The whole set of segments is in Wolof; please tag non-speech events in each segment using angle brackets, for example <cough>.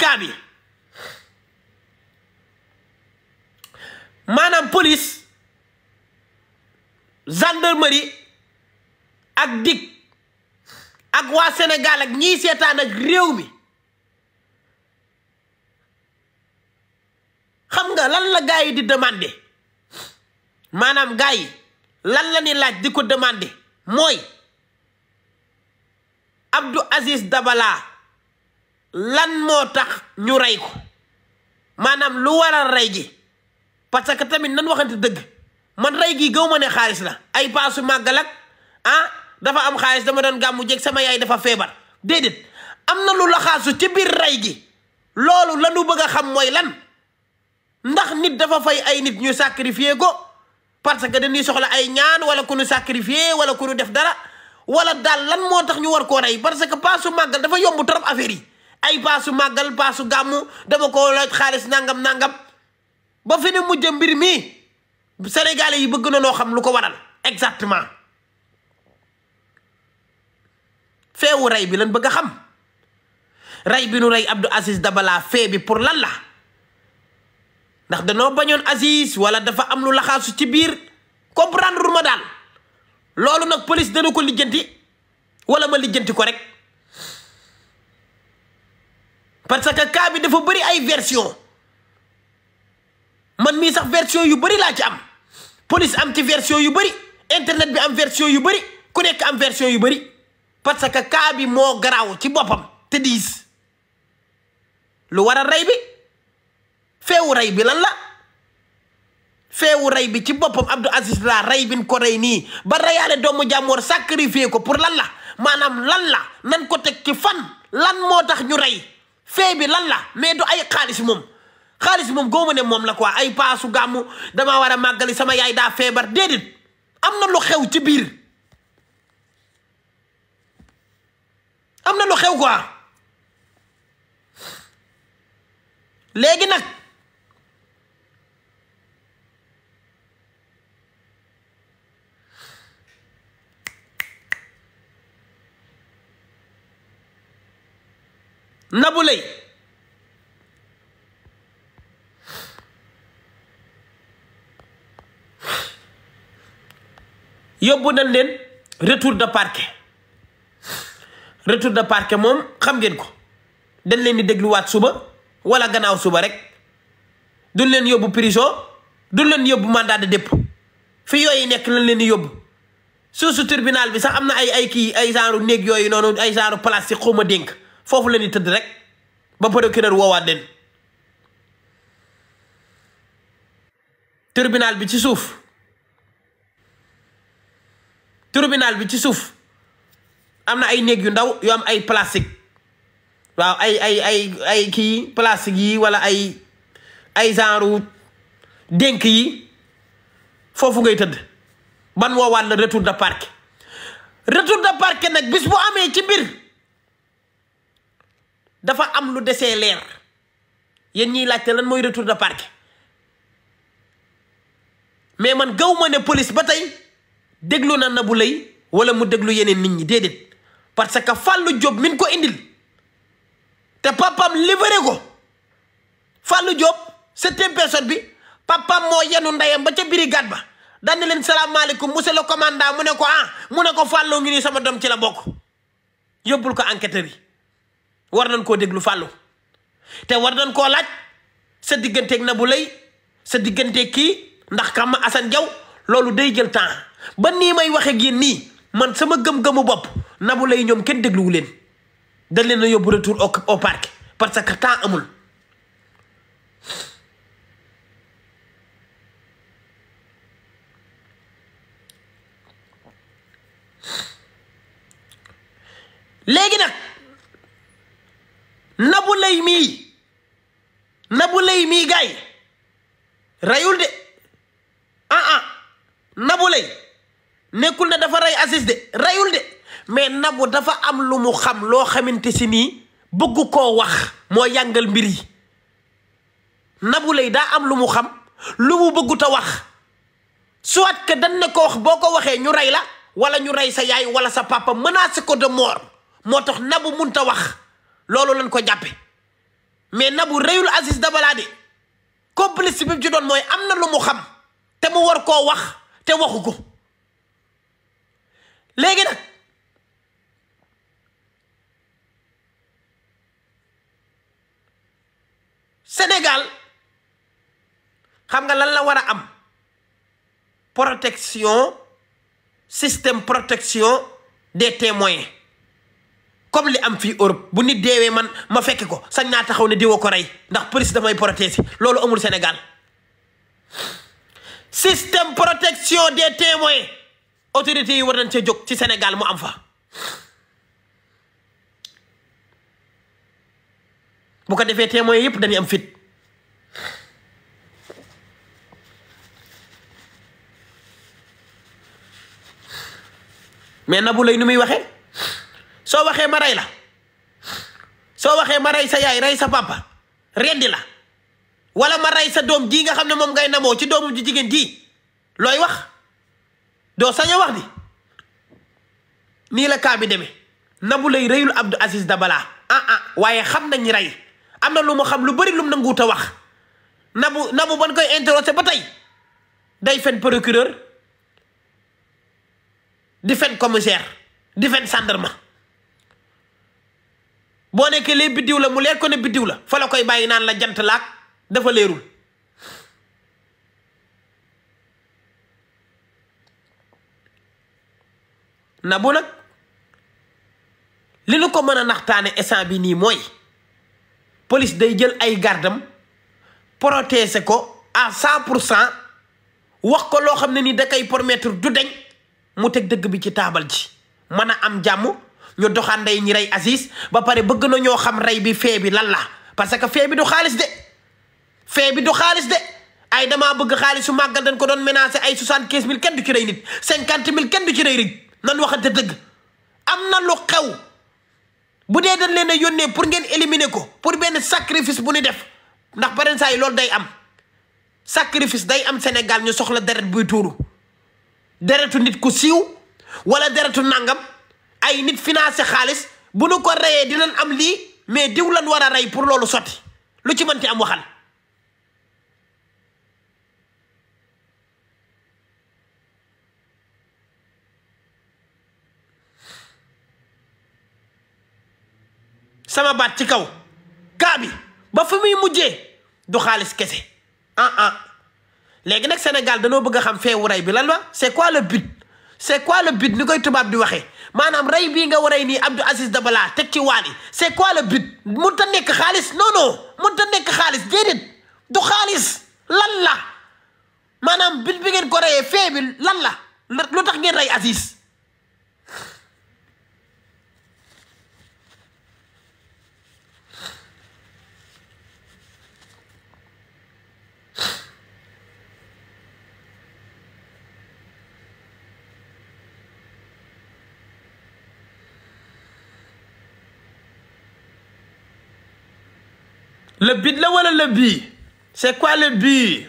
syndicat bi maanaam police gendarmerie ak dik ak waa Sénégal ak ñiy seetaan ak réew mi xam nga lan la gars di demander maanaam gaay yi lan la ni laaj di ko demander mooy Abdou Aziz Dabala lan moo tax ñu rey ko maanaam lu waral rey gi parce que tamit nan waxante dëgg man rey gi gaw ma ne xaalis la ay paasu màggal ak ah dafa am xaalis dama doon gàmmu jeg sama yaay dafa feebar déedéet am na lu laxaasu ci biir rey gi loolu lanu bëgg a xam mooy lan ndax nit dafa fay ay nit ñu sacrifier ko parce que dañuy soxla ay ñaan wala ku ñu sacrifier wala ku ñu def dara wala daal lan moo tax ñu war koo rey parce que paasu màggal dafa yomb trop affaire yi ay paasu màggal paasu gàmmu dama ko laaj xaalis nàngam nàngam ba fi ne mujj mbir mi Sénégalais yi bëgg na noo xam lu ko waral exactement feewu rey bi lan bëgg a xam rey bi nu rey Abdou asis dabalaa fee bi pour lan la ndax danoo bañoon Aziz wala dafa am lu laxaasu ci biir comprendre ma daal loolu nag polis dana ko lijjanti wala ma lijjanti ko rek. parce que cas bi dafa bëri ay version man mi sax version yu bëri la ci am police am ci version yu internet bi am version yu bëri ku nek am version yu bëri parce que cas bi mo graw ci bopam te dis lu wara ray bi feewu ray bi lan la feewu ray bi ci bopam Abdou Aziz la ray bin ko ray ni ba rayale domou jamour sacrifier ko pour lan la manam lan la nan ko tek ci fan lan motax ñu ray fee bi lan la mais du ay xaalis moom xaalis moom góoma ne moom la ko ay paasu gàmmu damaa war a màggali sama yaay daa feebar déedéet am na lu xew ci biir am na lu xew quoi léegi nag Nabou Leye yóbbu nañ leen retour de parquet retour de parquet moom xam ngeen ko dañ leen di dégluwaat suba wala gannaaw suba rek duñ leen yóbbu priso duñ leen yóbbu mandat de dépôt fi yooyu nekk lañ leen di yóbbu suusu tribunal bi sax am na ay ay kii ay genre néeg yooyu noonu ay genre plastique xaw ma dénk foofu la di tëdd rek ba procureur woowaat leen tribunal bi ci suuf tribunal bi ci suuf am na ay néeg yu ndaw yu am ay plastique waaw ay ay ay kii plastique yi walla ay ay genre dénk yi foofu ngay tëdd ban woowaat la retour de parquet retour de parquet nag bis bu amee ci biir dafa am lu desee leer yéen ñiy laajte lan mooy retour de parquet mais man gaw ne police ba tey déglu na Nabou Leye wala mu déglu yeneen nit ñi déedéet parce que Fallou Diop min ko indil te papam libéré ko Fallou Diop septième personne bi papam moo yenu ndeyam ba ca brigade ba daan leen salaamaaleykum monsieur la commandant mu ne ko ah mu ne ko Fallou ngi nii sama doom ci la bokk yóbbul ko enquêteur yi war nañ koo déglu fàllu te war nañ koo laaj sa digganteek Nabou Leye sa digganteeg kii ndax xam Assane Diaw loolu day jël temps ba nii may waxe ak nii man sama gëm-gëmu bopp Nabou Leye ñoom kenn dégluwu leen dañ leen a yóbbu retour au au parc parce que temps amul. léegi nag. lay mii nabu lay mii gaay reyul de ah ah nabu lay nekkul ne dafa ray Aziz de reyul de mais nabu dafa am lu mu xam loo xamante si nii bëgg koo wax moo yàngal mbir yi nabu lay daa am lu mu xam lu mu a wax soit que dañ ne wax boo ko waxee ñu rey la wala ñu rey sa yaay wala sa papa menacé ko de mort moo tax nabu munta wax loolu lañ ko jàppe mais Nabou reyul Aziz Dabala de complice bi mu ci mooy am na lu mu xam te mu war koo wax te waxu ko léegi nag Sénégal xam nga lan la war a am protection système protection des témoins comme li am fii Europe bu nit deewee man ma fekke ko sañ naa taxaw ne diwa ko rey ndax police damay protéger loolu amul Sénégal système protection des témoins autorité yi war nañ cee jóg ci Sénégal mu am fa bu ko defee témoins yëpp dañuy am fit mais Nabou Leye nu muy waxee so waxe maray la so waxe maray sa yaay ray sa papa rendi la wala maray sa dom ji nga xamne mom ngay namo ci dom ju jigen ji loy wax do saña wax di ni la ka bi demé nabu lay reyul Abdou Aziz Dabala ah ah waye xam nañ ray amna luma xam lu bari lu mu wax nabu nabu ban koy interroger batay day fen procureur di fen commissaire di fen gendarme boo nekkee lee biddiw la mu leer ko ne biddiw la fa la koy bàyyi naan la jant laak dafa leerul na bu nag li nu ko mën a naxtaane instant bi nii mooy police day jël ay gardam protéger ko à cent pour cent wax ko loo xam ne nii da koy permettre du deñ mu teg dëgg bi ci taabal ji mën a am jàmm ñu doxanday ñi rey Aziz ba pare bëgg na ñoo xam rey bi fee bi lan la parce que fee bi du xaalis de fee bi du xaalis de ay damaa bëgg xaalis su màggal dañ ko doon menacé ay soixante-quinze mille kenn du ci rey nit cinquante mille kenn du ci rey nit nan waxante dëgg am na lu xew bu dee dañ leen a yónnee pour ngeen éliminer ko pour benn sacrifice bu ñu def ndax beneen saa yi loolu day am sacrifice day am Sénégal ñu soxla deret buy tuuru deretu nit ku siiw wala deretu nangam ay nit financer xaalis bu nu ko reyee dinañ am li mais diw lan wara ray pour lolu soti lu ci mënti am waxal sama bat ci kaw kaa bi ba fu muy mujjé du xaalis kessé ah ah légui nak Sénégal dañu bëgg xam féwu ray bi lan la c'est quoi le but c'est quoi le but ni koy tubaab di waxee maanaam rey bii nga waray nii Abdou Aziz Dabala teg ci Wally c'est quoi le but mun ta nekk xaalis non non mun ta nekk xaalis déedéet du xaalis lan la maanaam but bi ngeen ko reyee fee bi lan la lu ngeen rey Aziz le bit la wala le bii c'est quoi le bi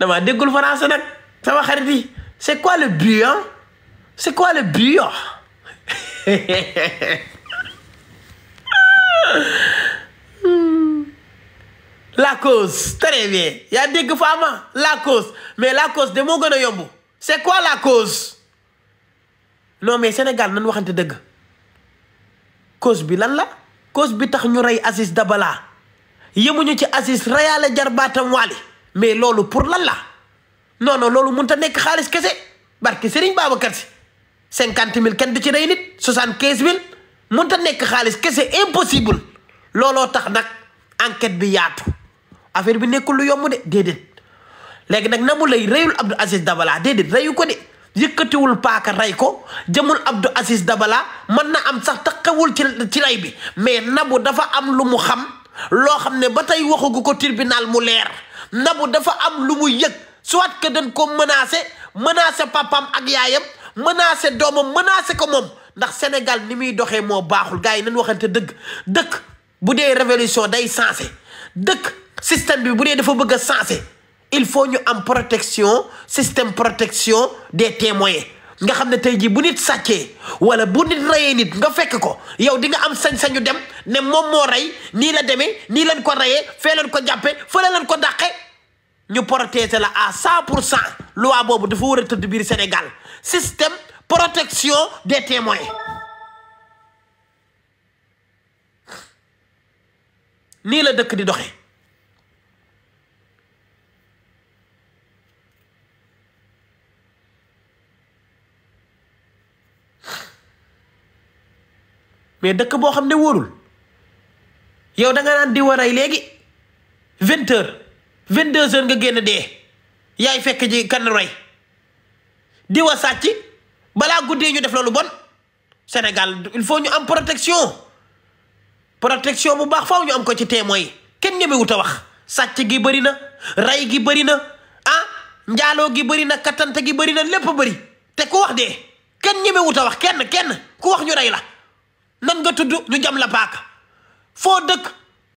damaa déggul français nag sama xarit yi c'est quoi le bii ah c'est quoi le bii ah <laughs> la cause très bien yaa dégg faama la cause mais la cause de moo gën a yomb c'est quoi la cause non mais Sénégal nan waxante dëgg cause bi lan la cause bi tax ñu rey Aziz Dabala yëmuñu ci Aziz rayaale jarbaatam waali mais loolu pour lan la non loolu mun a nekk xaalis kese barki Serigne Babacar si cinquante mille kenn du ci rey nit soixante quinze mille mënut a nekk xaalis kese impossible looloo tax nag enquête bi yaatu affaire bi nekkul lu yomb de déedéet léegi nag Namou lay reyul Abdou Aziz Dabala déedéet reyu ko de yëkkatiwul paaka rey ko jëmul Abdou Aziz Dabala mën na am sax taxawul ci ci rey bi mais Namou dafa am lu mu xam. loo xam ne ba tey waxagu ko tribunal mu leer Nabou dafa am lu mu yëg soit que dañ ko menacé menacé papam ak yaayam menacé doomam menacé ko moom ndax Sénégal ni muy doxee moo baaxul gars yi nañ waxante dëgg dëkk bu dee révolution day sensé dëkk système bi bu dee dafa bëgg a il faut ñu am protection système protection des témoins nga xam ne tey jii bu nit sàccee wala bu nit rayee nit nga fekk ko yow di nga am sañ-sañu dem ne mom mo ray ni la démé ni lañ ko rayé fee leen ko jappé fële lañ ko dàqe ñu protéger la à 100% loi bobu dafa war a biir Sénégal système protection des témoins ni la dëkk di doxé mais dëkk boo xam ne wóorul yow da nga naan di waray léegi vingt heures vingt deux heures nga génn dee yaay fekk ji kan roy di a sàcc balaa guddee ñu def loolu bon Sénégal il faut ñu am protection protection bu baax faaw ñu am ko ci témoin yi kenn ñemewut a wax sàcc gi bëri na ray gi bëri na ah njaaloo gi bëri na kattante gi bëri na lépp bari te ku wax dee kenn ñemewut a wax kenn kenn ku wax ñu rey la nan nga tudd ñu jam la paaka for the